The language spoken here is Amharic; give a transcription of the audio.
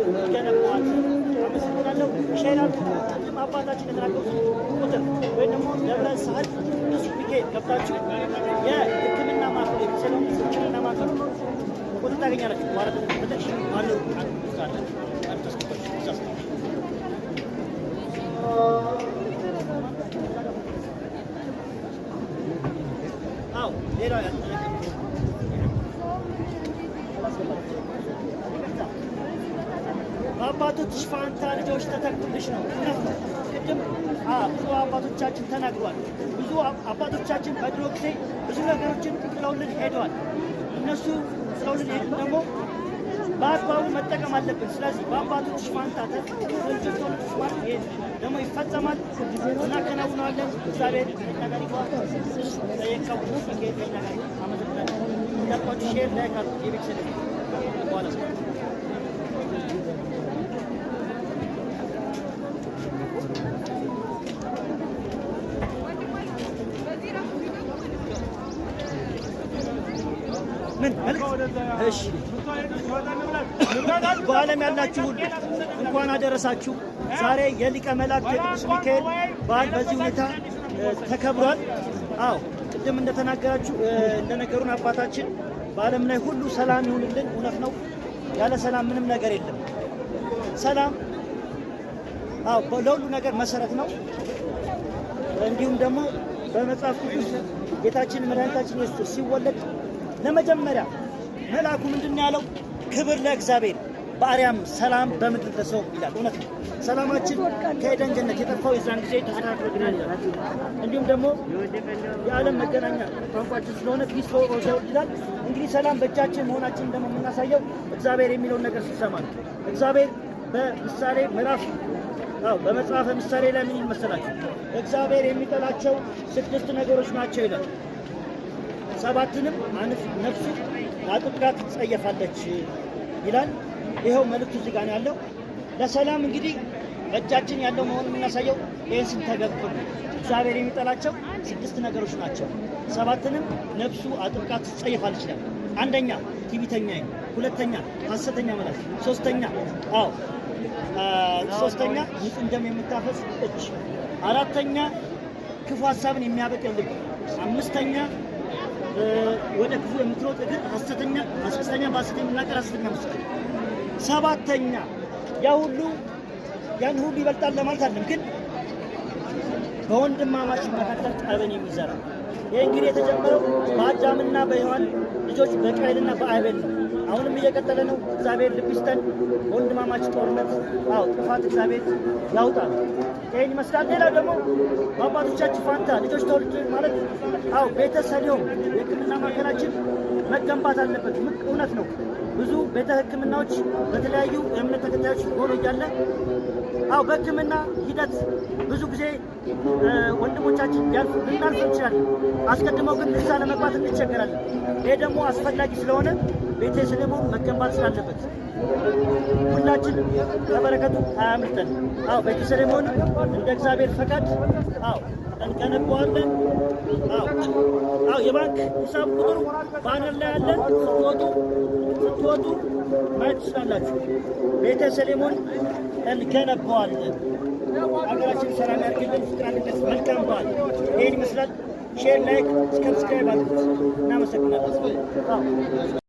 ይገነባዋል። አመሰግናለሁ። ሻይላል ቅድም አባታችን የተናገሩት ቁጥር ወይም ደግሞ ደብረ ሳህል ቅዱስ ሚካኤል ገብታችሁ የሕክምና ማዕከል የሚሰለውን ሕክምና ማዕከል ቁጥር ታገኛላችሁ ማለት በተሽ ባለው ሌላ የአባቶችሽ ፋንታ ልጆች ተተክቶልሽ ነው እውነት ነው። ቅድም ብዙ አባቶቻችን ተናግሯል። ብዙ አባቶቻችን በድሮ ጊዜ ብዙ ነገሮችን ጥለውልን ሄደዋል። እነሱ ጥለውልን ሄዱ ደግሞ በአግባቡ መጠቀም አለብን። ስለዚህ በአባቶችሽ ፋንታ ደግሞ ይፈጸማል፣ እናከናውነዋለን። እግዚአብሔር ሼር ምን መልዕክት? እሺ በዓለም ያላችሁ ሁሉ እንኳን አደረሳችሁ። ዛሬ የሊቀ መላእክት የቅዱስ ሚካኤል በዓል በዚህ ሁኔታ ተከብሯል። አዎ ቅድም እንደተናገራችሁ እንደነገሩን አባታችን በዓለም ላይ ሁሉ ሰላም ይሁንልን። እውነት ነው። ያለ ሰላም ምንም ነገር የለም። ሰላም አዎ ለሁሉ ነገር መሰረት ነው። እንዲሁም ደግሞ በመጽሐፍ ቅዱስ ጌታችን መድኃኒታችን ኢየሱስ ሲወለድ ለመጀመሪያ መልአኩ ምንድን ያለው? ክብር ለእግዚአብሔር በአርያም ሰላም በምድር ለሰው ይላል። እውነት ነው። ሰላማችን ከኤደን ጀነት የጠፋው የዛን ጊዜ ተስተካክሎ ግናኛል። እንዲሁም ደግሞ የዓለም መገናኛ ቋንቋችን ስለሆነ ፒስ ፎር ክሪስቶ ይላል። እንግዲህ ሰላም በእጃችን መሆናችን ደግሞ የምናሳየው እግዚአብሔር የሚለውን ነገር ሲሰማ ነው። እግዚአብሔር በምሳሌ ምዕራፍ አዎ በመጽሐፈ ምሳሌ ላይ ምን ይመስላችሁ? እግዚአብሔር የሚጠላቸው ስድስት ነገሮች ናቸው ይላል ሰባትንም አንፍ ነፍሱ አጥብቃ ትጸየፋለች ይላል። ይኸው መልእክቱ እዚህ ጋር ነው ያለው። ለሰላም እንግዲህ እጃችን ያለው መሆኑን የምናሳየው ይህን ስንተገብር እግዚአብሔር የሚጠላቸው ስድስት ነገሮች ናቸው። ሰባትንም ነፍሱ አጥብቃ ትጸየፋለች ይላል። አንደኛ ትዕቢተኛ፣ ሁለተኛ ሐሰተኛ መላስ፣ ሶስተኛ አዎ ሶስተኛ ደም የምታፈስ እጅ፣ አራተኛ ክፉ ሀሳብን የሚያበቅል ልብ፣ አምስተኛ ወደ ክፉ የምትሮጥ እግር ሐሰተኛ ሐሰተኛ ባስተኛ የምናገር ሐሰተኛ ምስክር። ሰባተኛ ያ ሁሉ ያን ሁሉ ይበልጣል ለማለት አለም፣ ግን በወንድማማች መካከል ጠብን የሚዘራ ይህ እንግዲህ የተጀመረው በአዳምና በሔዋን ልጆች በቃይልና በአቤል ነው። አሁንም እየቀጠለ ነው። እግዚአብሔር ልብ ይስጠን። ወንድማማች ጦርነት አው ጥፋት እግዚአብሔር ያውጣል። ይህን ይመስላል። ሌላ ደግሞ በአባቶቻችን ፋንታ ልጆች ተወልድ ማለት አው ቤተሰብ የሆኑ የሕክምና ማዕከላችን መገንባት አለበት። እውነት ነው። ብዙ ቤተ ሕክምናዎች በተለያዩ የእምነት ተከታዮች ሆኖ እያለ አው በሕክምና ሂደት ብዙ ጊዜ ወንድሞቻችን ያልፍ ልናልፍ እንችላለን። አስቀድመው ግን ንሳ ለመግባት እንቸገራለን። ይሄ ደግሞ አስፈላጊ ስለሆነ ቤተ ሰሌሞን መገንባት ስላለበት ሁላችን ከበረከቱ አያምልጠን። አው ቤተ እንደ እግዚአብሔር ፈቃድ አው ጠንቀን አዎ የባንክ ሂሳብ ቁጥሩ ባነር ላይ ያለን። ስትወጡ ስትወጡ ማየት ትችላላችሁ። ቤተ ሰሌሞን እንገነባዋለን። ሀገራችን ሰላም ያድርግልን፣ ፍቅር አንድነት፣ መልካም በዓል። ይህን ይመስላል። ሼር፣ ላይክ፣ ሰብስክራይብ አድርጉት። እናመሰግናለን።